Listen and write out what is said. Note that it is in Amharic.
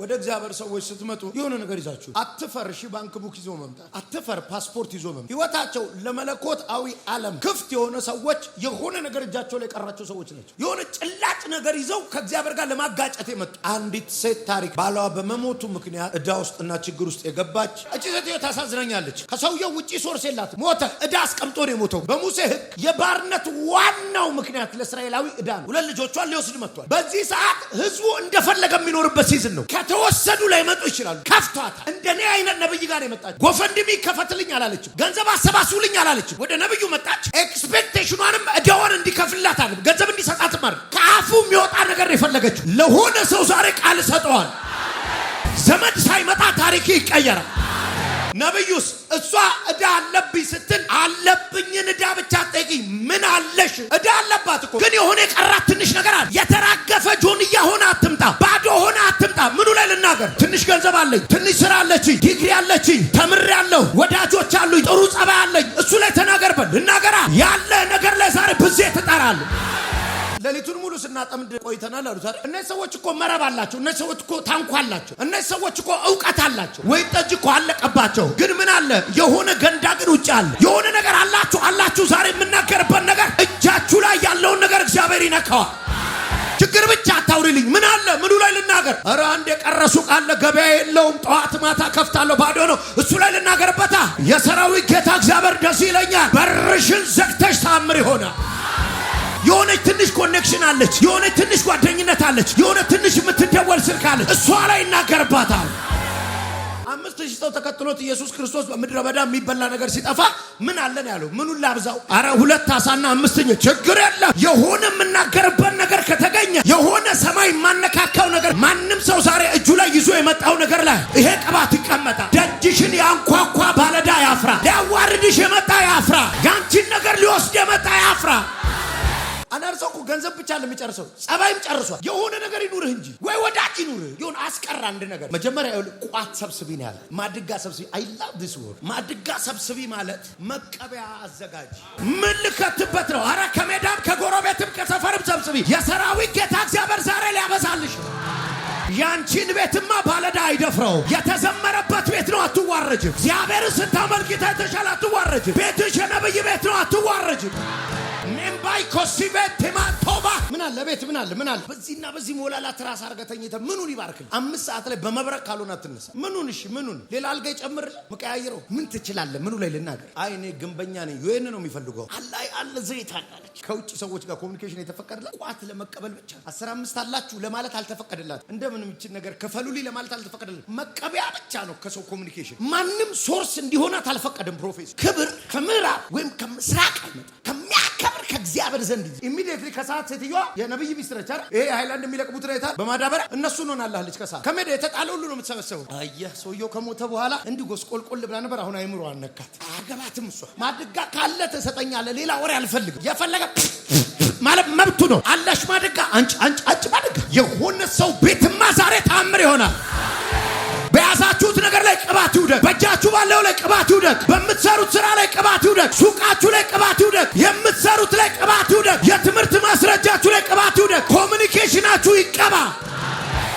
ወደ እግዚአብሔር ሰዎች ስትመጡ የሆነ ነገር ይዛችሁ አትፈር። እሺ፣ ባንክ ቡክ ይዞ መምጣት አትፈር። ፓስፖርት ይዞ መምጣት ህይወታቸው ለመለኮታዊ ዓለም ክፍት የሆነ ሰዎች የሆነ ነገር እጃቸው ላይ የቀራቸው ሰዎች ናቸው። የሆነ ጭላጭ ነገር ይዘው ከእግዚአብሔር ጋር ለማጋጨት የመጡ አንዲት ሴት ታሪክ ባሏ በመሞቱ ምክንያት እዳ ውስጥና ችግር ውስጥ የገባች እቺ ሴትዮ ታሳዝናኛለች። ከሰውየው ውጪ ሶርስ የላትም። ሞተ። እዳ አስቀምጦ ነው የሞተው። በሙሴ ህግ የባርነት ዋናው ምክንያት ለእስራኤላዊ እዳ ነው። ሁለት ልጆቿን ሊወስድ መጥቷል። በዚህ ሰዓት ህዝቡ እንደፈለገ የሚኖርበት ሲዝን ነው። ከተወሰዱ ላይመጡ ይችላሉ። ከፍቷታል። እንደኔ አይነት ነብይ ጋር የመጣች ጎፈንድሚ ከፈትልኝ አላለችም። ገንዘብ አሰባስብልኝ አላለችም። ወደ ነብዩ መጣች። ኤክስፔክቴሽኗንም እዳዋን እንዲከፍልላት አለ ገንዘብ እንዲሰጣት ማለት ከአፉ የሚወጣ ነገር የፈለገችው ለሆነ ሰው ዛሬ ቃል ሰጠዋል። ዘመድ ሳይመጣ ታሪክ ይቀየራል። ነብዩስ እሷ እዳ አለብኝ ስትል አለብኝን እዳ ብቻ ጠይቂ ምን አለሽ? እዳ አለባት እኮ ግን የሆነ የቀራት ትንሽ ነገር አለችኝ። ተምሬያለሁ። ወዳጆች አሉኝ። ጥሩ ጸባይ አለኝ። እሱ ላይ ተናገርበን እናገራ ያለ ነገር ላይ ዛሬ ብዜ ትጠራለህ። ሌሊቱን ሙሉ ስናጠምድ ቆይተናል አሉት። እነዚህ ሰዎች እኮ መረብ አላቸው። እነዚህ ሰዎች እኮ ታንኳ አላቸው። እነዚህ ሰዎች እኮ እውቀት አላቸው። ወይን ጠጅ እኮ አለቀባቸው። ግን ምን አለ? የሆነ ገንዳ ግን ውጭ አለ። የሆነ ነገር አላችሁ አላችሁ። ዛሬ የምናገርበት ነገር እጃችሁ ላይ ያለውን ነገር እግዚአብሔር ይነካዋል። ችግር ብቻ አታውሪልኝ። ምን አለ ምኑ ላይ ልናገር? ኧረ አንድ የቀረሱ ቃለ ገበያ የለውም። ጠዋት ማታ ከፍታለሁ፣ ባዶ ነው። እሱ ላይ ልናገርበታ። የሰራዊት ጌታ እግዚአብሔር ደስ ይለኛል። በርሽን ዘግተሽ ታምር ይሆናል። የሆነች ትንሽ ኮኔክሽን አለች፣ የሆነች ትንሽ ጓደኝነት አለች፣ የሆነ ትንሽ የምትደወል ስልክ አለች። እሷ ላይ ይናገርባታል። ሶስት ሰው ተከትሎት ኢየሱስ ክርስቶስ በምድረ በዳ የሚበላ ነገር ሲጠፋ ምን አለን ያለው? ምኑን ላብዛው? አረ ሁለት አሳና አምስትኝ ችግር ያለ የሆነ የምናገርበት ነገር ከተገኘ የሆነ ሰማይ የማነካካው ነገር ማንም ሰው ዛሬ እጁ ላይ ይዞ የመጣው ነገር ላይ ይሄ ቅባት ይቀመጣል። ደጅሽን ያንኳኳ ባለዳ ያፍራ። ሊያዋርድሽ የመጣ ያፍራ። ያንቺን ነገር ሊወስድ የመጣ ያፍራ። አንዳንድ ሰው እኮ ገንዘብ ብቻ ለሚጨርሰው ጸባይም ጨርሷል። የሆነ ነገር ይኑርህ እንጂ ቋት ይኑር አስቀራ አንድ ነገር መጀመሪያ ቋት ሰብስቢ ነው ያለ። ማድጋ ሰብስቢ አይ ላቭ ዲስ ወርድ ማድጋ ሰብስቢ ማለት መቀበያ አዘጋጅ። ምን ልከትበት ነው? አረ ከሜዳም ከጎረቤትም ከሰፈርም ሰብስቢ። የሰራዊት ጌታ እግዚአብሔር ዛሬ ሊያበዛልሽ ያንቺን ቤትማ ባለዳ አይደፍረው። የተዘመረበት ቤት ነው፣ አትዋረጅም። እግዚአብሔርን ስታመልክ የተሻለ አትዋረጅም። ቤትሽ የነብይ ቤት ነው፣ አትዋረጅም። ባይ ኮሲቤት ማቶባ ምን አለ ቤት ምን አለ ምን አለ በዚህና በዚህ ሞላላ ትራስ አድርገህ ተኝተህ ምኑን ይባርክልህ? አምስት ሰዓት ላይ በመብረቅ ካልሆነ አትነሳ። ምኑን እሺ ምኑን ሌላ አልጋ ይጨምር መቀያየረው ምን ትችላለህ? ምኑ ላይ ልናገር? አይ እኔ ግንበኛ ነኝ። ይህን ነው የሚፈልገው። አላይ አለ ዘይት አላለች። ከውጭ ሰዎች ጋር ኮሚኒኬሽን የተፈቀደላት ቋት ለመቀበል ብቻ አስራ አምስት አላችሁ ለማለት አልተፈቀደላት። እንደምንም ይችን ነገር ከፈሉልኝ ለማለት አልተፈቀደላት። መቀበያ ብቻ ነው ከሰው ኮሚኒኬሽን። ማንም ሶርስ እንዲሆናት አልፈቀደም። ፕሮፌሰር ክብር ከምዕራብ ወይም ከምስራቅ አይመጣም። ከእግዚአብሔር ዘንድ ይዘ ኢሚዲየትሊ ከሰዓት ሴትዮዋ የነብይ ሚስትረች አይደል? ይሄ ሃይላንድ የሚለቅሙት ሬታ በማዳበሪያ እነሱ እንሆናላለች። ከሰዓት ከመደ የተጣለ ሁሉ ነው የምትሰበሰበ አየ ሰውየው ከሞተ በኋላ እንዲህ ጎስቆልቆል ብላ ነበር። አሁን አይምሮ አነካት። አገባትም እሷ ማድጋ ካለ ትሰጠኛለህ። ሌላ ወሬ አልፈልግም። የፈለገ ማለት መብቱ ነው። አላሽ ማድጋ አንጭ አንጭ ማድጋ የሆነ ሰው ቤትማ ዛሬ ተአምር ይሆናል። ቅባት ይውደቅ። በእጃችሁ ባለው ላይ ቅባት ይውደቅ። በምትሰሩት ስራ ላይ ቅባት ይውደቅ። ሱቃችሁ ላይ ቅባት ይውደቅ። የምትሰሩት ላይ ቅባት ይውደቅ። የትምህርት